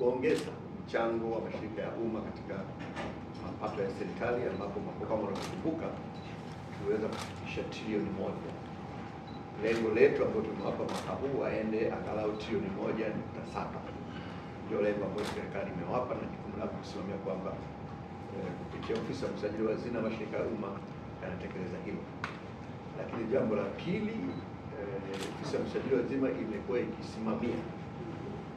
kuongeza mchango wa mashirika ya umma katika mapato ya serikali ambapo kama unakumbuka tuliweza kufikisha trilioni moja. Lengo letu ambalo tumewapa mwaka huu waende angalau trilioni moja nukta saba ndio lengo ambalo serikali imewapa na jukumu lako kusimamia kwamba eh, kupitia ofisi ya msajili wa hazina mashirika ya umma yanatekeleza hilo. Lakini jambo la pili, eh, ofisi ya msajili wa hazina imekuwa ikisimamia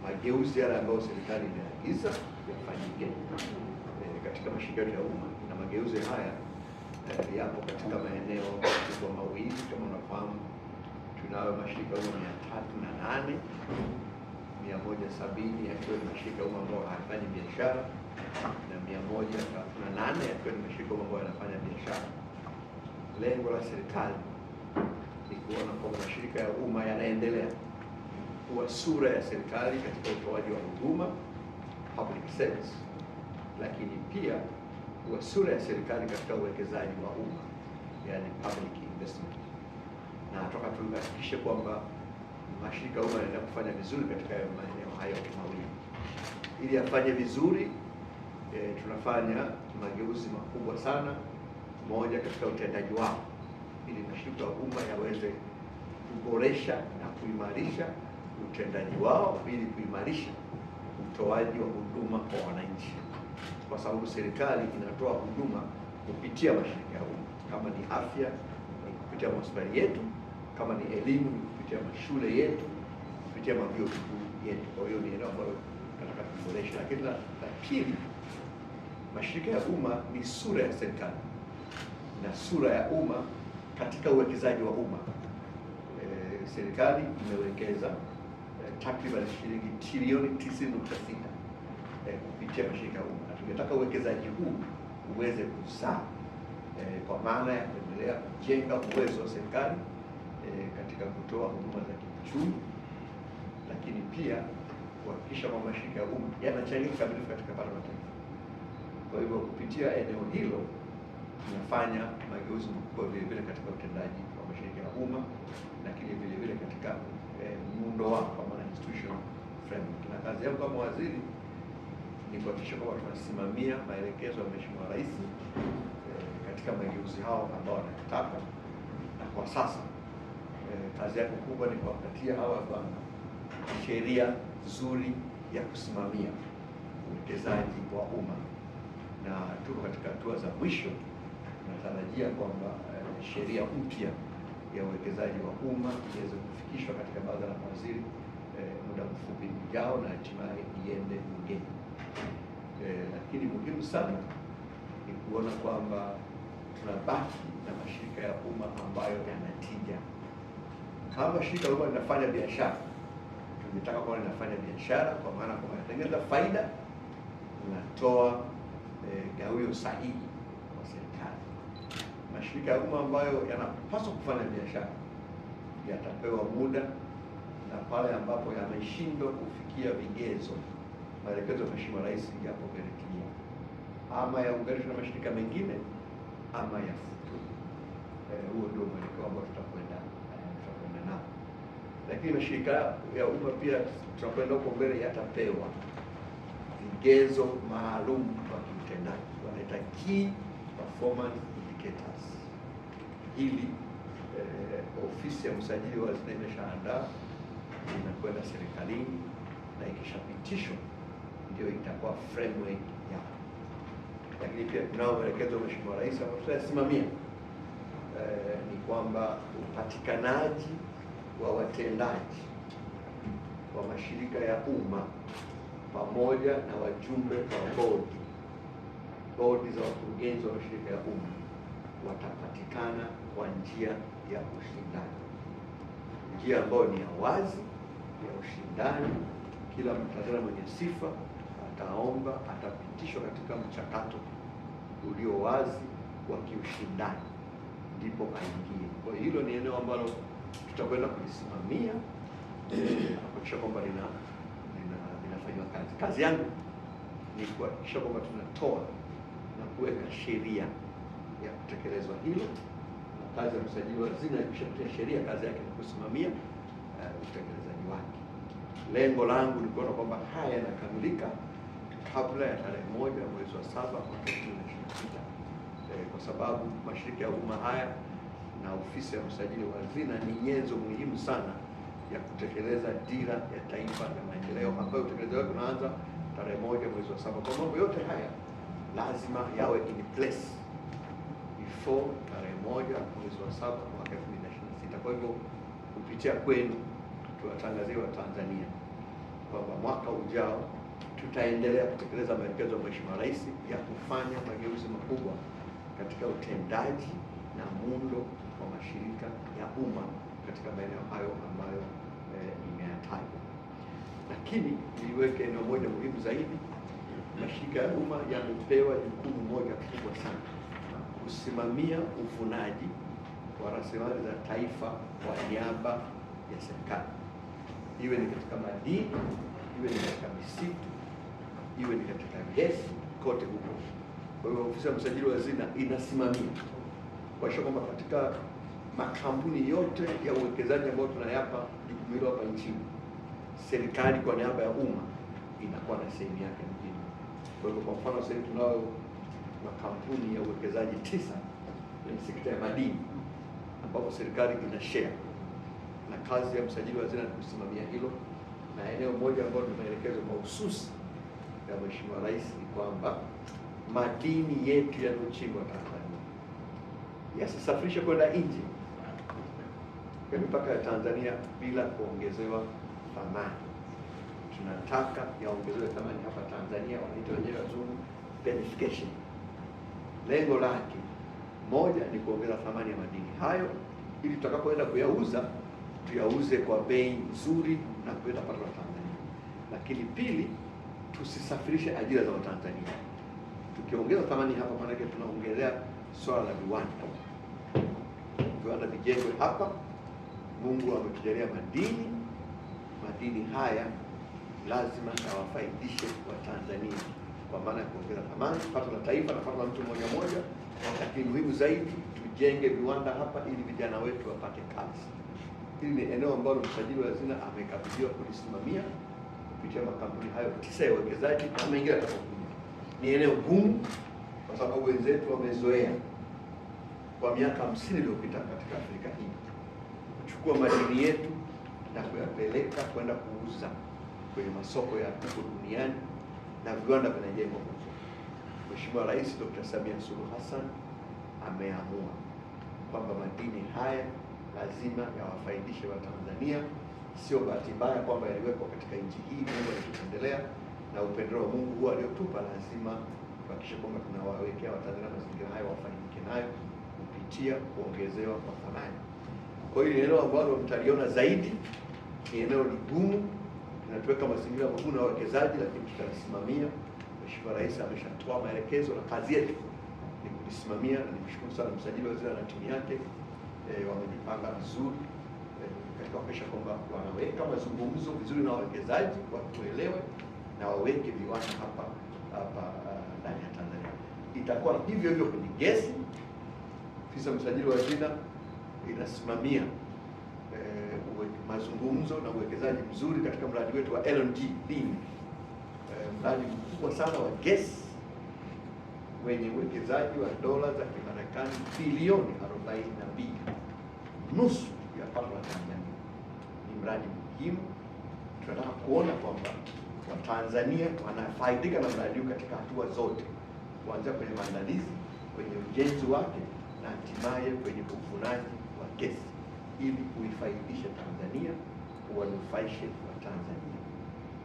mageuzi yale ambayo serikali imeagiza yafanyike e, katika mashirika ya umma na mageuzi haya eh, yapo katika maeneo makubwa mawili. Kama unafahamu, tunayo mashirika umma mia tatu na nane mia moja sabini yakiwa ni mashirika umma ambayo hayafanyi biashara na mia moja thelathini na nane yakiwa ni mashirika umma ambayo yanafanya biashara. Lengo la serikali ni kuona kwamba mashirika ya umma yanaendelea kuwa sura ya serikali katika utoaji wa huduma public service, lakini pia kuwa sura ya serikali katika uwekezaji wa umma yani public investment, na toka tuhakikishe kwamba mashirika umma yanaenda kufanya vizuri katika maeneo hayo mawili. Ili afanye vizuri e, tunafanya mageuzi makubwa sana, moja katika utendaji wao, ili mashirika ya umma yaweze kuboresha na kuimarisha utendaji wao ili kuimarisha utoaji wa huduma kwa wananchi, kwa sababu serikali inatoa huduma kupitia mashirika ya umma. Kama ni afya ni kupitia hospitali yetu, kama ni elimu ni kupitia mashule yetu, kupitia mavyuo vikuu yetu. Kwa hiyo ni eneo ambalo tunataka kuboresha, lakini la pili, mashirika ya umma ni sura ya serikali na sura ya umma katika uwekezaji wa umma. E, serikali imewekeza takriban shilingi trilioni 96 eh, kupitia mashirika ya umma, na tungetaka uwekezaji huu uweze kuzaa eh, kwa maana ya kuendelea kujenga uwezo wa serikali eh, katika kutoa huduma za kiuchumi, lakini pia kuhakikisha kwamba mashirika ya umma yanachangia kikamilifu katika pato la taifa. Kwa hivyo kupitia eneo hilo tunafanya mageuzi makubwa vile vile katika utendaji wa mashirika ya umma, lakini vile vile katika eh, muundo wao institution framework, na kazi yangu kama waziri ni kuhakikisha kwamba tunasimamia maelekezo ya Mheshimiwa Rais eh, katika mageuzi hao ambao wanataka, na kwa sasa eh, kazi yako kubwa ni kuwapatia hawa bwana sheria nzuri ya kusimamia uwekezaji wa umma, na tuko katika hatua za mwisho. Tunatarajia kwamba eh, sheria mpya ya uwekezaji wa umma iweze kufikishwa katika baraza la mawaziri yao na hatimaye iende mgeni. E, eh, lakini muhimu sana ni kuona kwamba tunabaki na mashirika ya umma ambayo yanatija. Kama shirika la umma linafanya biashara, tunataka kuwa linafanya biashara kwa maana kwamba inatengeneza faida, inatoa e, eh, gawio sahihi kwa serikali. Mashirika ya umma ambayo yanapaswa kufanya biashara yatapewa muda na pale ambapo yameshindwa kufikia vigezo, maelekezo ya Mheshimiwa Rais yapopelekea ama yaunganishwe na mashirika mengine ama yafutwe. Eh, huo ndio mwelekeo ambao tutakwenda eh, tutakwenda nao, lakini mashirika ya umma pia tutakwenda huko mbele yatapewa vigezo maalum kwa kiutendaji, wanaita key performance indicators. Hili eh, ofisi ya msajili wa hazina imeshaandaa inakwenda serikalini na ikishapitishwa ndio itakuwa framework ya. Lakini pia kunao maelekezo Mheshimiwa Rais ambao tutayasimamia e, ni kwamba upatikanaji wa watendaji wa mashirika ya umma pamoja na wajumbe wa bodi bodi za wakurugenzi wa mashirika ya umma watapatikana kwa njia ya ushindani, njia ambayo ni ya wazi ya ushindani. Kila mtadala mwenye sifa ataomba, atapitishwa katika mchakato ulio wazi wa kiushindani, ndipo aingie. Kwa hiyo hilo ni eneo ambalo tutakwenda kulisimamia kuhakikisha kwamba lina linafanywa kazi. Kazi yangu ni kuhakikisha kwamba tunatoa na kuweka sheria ya kutekelezwa hilo, na kazi ya msajili wa hazina ya sheria, kazi yake ni kusimamia uh, utekelezaji wake. Lengo langu ni kuona kwamba haya yanakamilika kabla ya tarehe moja mwezi wa saba mwaka 2026 eh, kwa sababu mashirika ya umma haya na ofisi ya msajili wa hazina ni nyenzo muhimu sana ya kutekeleza dira ya taifa ya maendeleo ambayo utekelezaji wake unaanza tarehe moja mwezi wa saba. Kwa mambo yote haya lazima yawe in place before tarehe moja mwezi wa saba mwaka 2026. Kwa hivyo kupitia kwenu tuwatangazie Watanzania kwamba mwaka ujao tutaendelea kutekeleza maelekezo ya Mheshimiwa Rais ya kufanya mageuzi makubwa katika utendaji na muundo wa mashirika ya umma katika maeneo hayo ambayo eh, nimeyataja. E, lakini niliweka eneo moja muhimu zaidi. Mashirika ya umma yamepewa jukumu moja kubwa sana, kusimamia uvunaji wa rasilimali za taifa kwa niaba ya serikali iwe ni katika madini, iwe ni katika misitu, iwe ni katika gesi, kote huko. Kwa hiyo ofisi ya msajili wa hazina inasimamia kuhakikisha kwamba katika makampuni yote ya uwekezaji ambayo tunayapa jukumu hilo hapa nchini, serikali kwa niaba ya umma inakuwa na sehemu yake mjini. Kwa hiyo kwa mfano sasa tunayo makampuni ya uwekezaji tisa kwenye sekta ya madini ambapo serikali ina share na kazi ya msajili wa hazina ni kusimamia hilo, na eneo moja ambalo ni maelekezo mahususi ya Mheshimiwa Rais ni kwamba madini yetu yanayochimbwa Tanzania yasisafirishe kwenda nje ya mipaka ya Tanzania bila kuongezewa thamani. Tunataka yaongezewe thamani hapa Tanzania, wanaita wenyewe wazungu benefication. Lengo lake moja ni kuongeza thamani ya madini hayo ili tutakapoenda kuyauza tuyauze kwa bei nzuri na kuleta pato la Tanzania. Lakini pili, tusisafirishe ajira za Watanzania. Tukiongeza thamani hapa, maanake tunaongelea swala la viwanda, viwanda vijengwe hapa. Mungu ametujalia madini, madini haya lazima yawafaidishe Watanzania kwa maana ya kuongeza thamani, pato la taifa na pato la mtu mmoja mmoja, lakini muhimu zaidi tujenge viwanda hapa ili vijana wetu wapate kazi. Hili ni eneo ambalo msajili wa hazina amekabidhiwa kulisimamia kupitia makampuni hayo tisa ya uwekezaji na mengine Ni eneo gumu kwa sababu wenzetu wamezoea kwa miaka hamsini iliyopita katika Afrika hii kuchukua madini yetu na kuyapeleka kwenda kuuza kwenye masoko ya huko duniani na viwanda vinajengwa huko. Mheshimiwa Rais Dr. Samia Suluhu Hassan ameamua kwamba madini haya lazima yawafaidishe Watanzania. Sio bahati mbaya kwamba yaliwekwa katika nchi hii, Mungu alitupendelea na upendeleo wa Mungu huo aliotupa, lazima tuhakikishe kwamba tunawawekea Watanzania mazingira hayo wafaidike nayo kupitia kuongezewa kwa thamani. Kwa hiyo eneo ambalo mtaliona zaidi ni eneo ligumu, linatuweka mazingira magumu na wawekezaji, lakini tutalisimamia. Mheshimiwa Rais ameshatoa maelekezo na kazi yetu ni kulisimamia, na nimshukuru sana msajili wa wizara na timu yake. Eh, wamejipanga vizuri eh, katika kuhakikisha kwamba wanaweka mazungumzo vizuri na wawekezaji watuelewe na waweke viwanda hapa hapa eh, ndani ya Tanzania. Itakuwa hivyo hivyo kwenye gesi. Ofisi msajili wa hazina inasimamia e, mazungumzo na uwekezaji mzuri katika mradi wetu wa LNG Lindi, e, mradi mkubwa sana wa gesi wenye uwekezaji wa dola za Marekani bilioni 42, nusu ya pato la Tanzania. Ni mradi muhimu, tunataka kuona kwamba Watanzania wanafaidika na mradi huu katika hatua zote, kuanzia kwenye maandalizi, kwenye ujenzi wake na hatimaye kwenye uvunaji wa gesi, ili kuifaidisha Tanzania, kuwanufaishe tanzania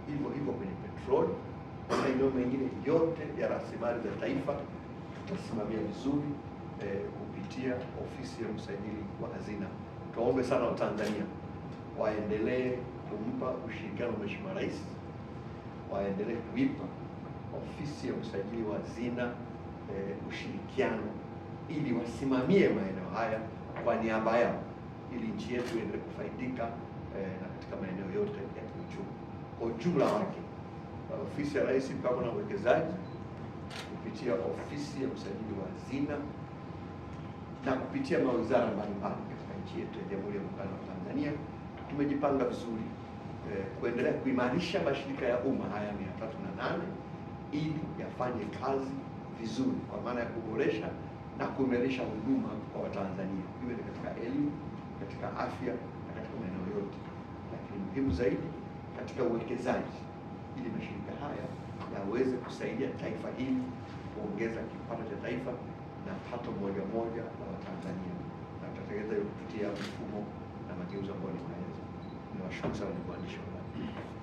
Hivyo hivyo kwenye petroli maeneo mengine yote ya rasilimali za taifa tutasimamia vizuri. Eh, kupitia ofisi ya msajili wa hazina. Tuwaombe sana Watanzania waendelee kumpa ushirikiano Mheshimiwa Rais, waendelee kuipa ofisi ya msajili wa hazina eh, ushirikiano ili wasimamie maeneo haya kwa niaba yao ili nchi yetu iendelee kufaidika eh, na katika maeneo yote ya kiuchumi kwa ujumla wake. Ofisi ya Rais Mipango na Uwekezaji kupitia ofisi ya msajili wa hazina na kupitia mawizara mbalimbali katika nchi yetu ya Jamhuri ya Muungano wa Tanzania tumejipanga vizuri eh, kuendelea kuimarisha mashirika ya umma haya mia tatu na nane ili yafanye kazi vizuri kwa maana ya kuboresha na kuimarisha huduma kwa Watanzania, iwe ni katika elimu, katika afya na katika maeneo yote, lakini muhimu zaidi katika uwekezaji, ili mashirika haya yaweze kusaidia taifa hili kuongeza kipato cha taifa na pato moja moja la Watanzania na tutatekeleza kupitia mfumo na mageuzo ambayo nimeeleza. Nawashukuru sana ni waandishi wa habari.